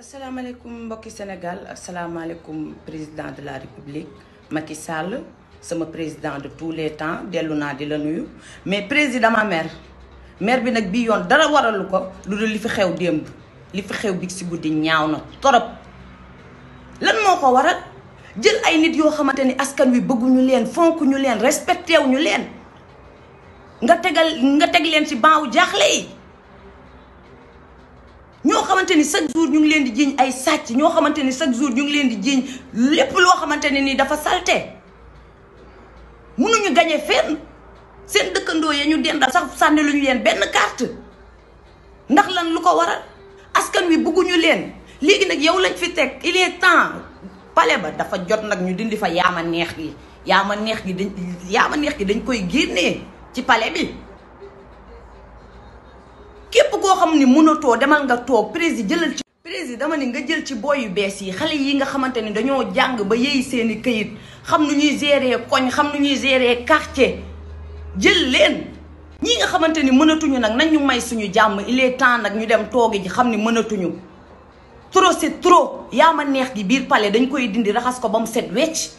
asalaamaaleykum mbokki Sénégal asalaamaaleykum président de la république Macky sàll sama président de tous les temps dellu naa di la nuyu mais président ma maire maire bi nag bii yoon dara waralu ko lu dul li fi xew démb li fi xew bi ci guddi ñaaw na torop lan moo ko waral jël ay nit yoo xamante ni askan wi bëgguñu leen fonk ñu leen respecté wu ñu leen nga tegal nga teg leen ci baawu jaaxle yi. ñoo xamante ni chaque jour ñu ngi leen di jiiñ ay sàcc ñoo xamante ni chaque jour ñu ngi leen di jiiñ lépp loo xamante ne ni dafa salte mënuñu gañe fenn seen dëkkandoo ya ñu dendal sax sànni lu ñu leen benn carte ndax lan lu ko waral askan wi bëgguñu leen léegi nag yow lañ fi teg il est temps pale ba dafa jot nag ñu dindi fa yaama neex gi yaama neex gi dañ yaama neex gi dañ koy génnee ci pale bi koo xam ni mënatoo demal nga toog prési jëlal ci prési dama ni nga jël ci booy yu bees yi xale yi nga xamante ni dañoo jàng ba yeey seeni këyit xam nu ñuy gérer koñ xam nu ñuy gérer quartier jël leen ñii nga xamante ni mënatuñu nag nañ ñu may suñu jàmm il est temps nag ñu dem toogi ji xam ni mënatuñu trop c'est trop yaa ma neex gi biir pale dañ koy dindi raxas ko ba mu set wecc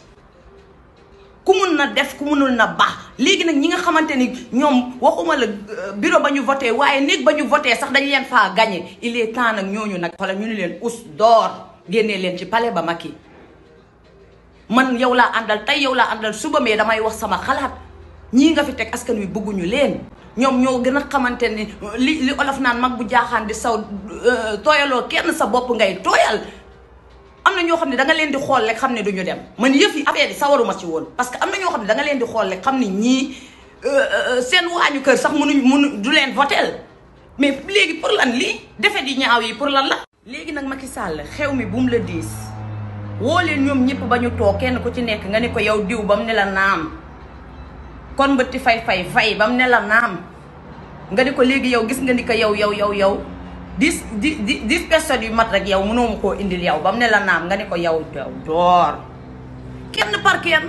ku mun na def ku munul na baax léegi nag ñi nga xamante ni ñoom waxuma la euh, bureau ba ñu voté waaye néeg ba ñu voté sax dañ leen faa gañe il est temps nag ñooñu nag wala ñu ni leen us door génnee leen ci palais ba mag yi man yow laa àndal tey yow laa àndal suba mais damay wax sama xalaat ñi nga fi teg askan wi bëgguñu leen ñoom ñoo gën a xamante ni euh, li li olof naan mag bu jaaxaan di saw euh, tooyaloo kenn sa bopp ngay tooyal am na ñoo xam ne danga leen di xool rek xam ne du ñu dem man yëf yi affaire yi sawaruma ci woon parce que am na ñoo xam ne da nga leen di xool rek xam ne ñii euh, euh, seen waañu kër sax mënuñ mënu du leen votel mais léegi pour lan lii defet yi ñaaw yi pour lan la léegi nag Macky Sall xew mi bu mu la diis woo leen ñoom ñëpp ba ñu toog kenn ku ci nekk nga ne ko yow diw ba mu ne la naam kon mbëtti fay fay fay ba mu ne la naam nga ne ko léegi yow gis nga ni ko yow yow yow yow dix dix dix personnes yu mat rek yow mënoo ma koo indil yow ba mu ne la naam nga ne ko yow yow door kenn par kenn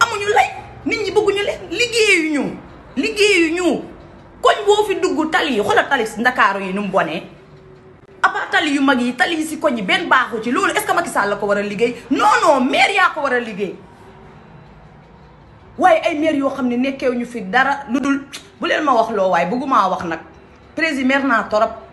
amuñu lay nit ñi bëgguñu leen liggéeyuñu liggéeyuñu koñ boo fi dugg tali yi xoolal tali ndakaaru yi nu mu bonee à tali yu mag yi tali si koñ yi benn baaxu ci loolu est-ce la ko war a liggéey non non maire yaa ko war a liggéey waaye ay maire yoo xam ne nekkeewuñu fi dara lu dul bu leen ma wax loo waaye bëggumaa wax nag prési mer naa torop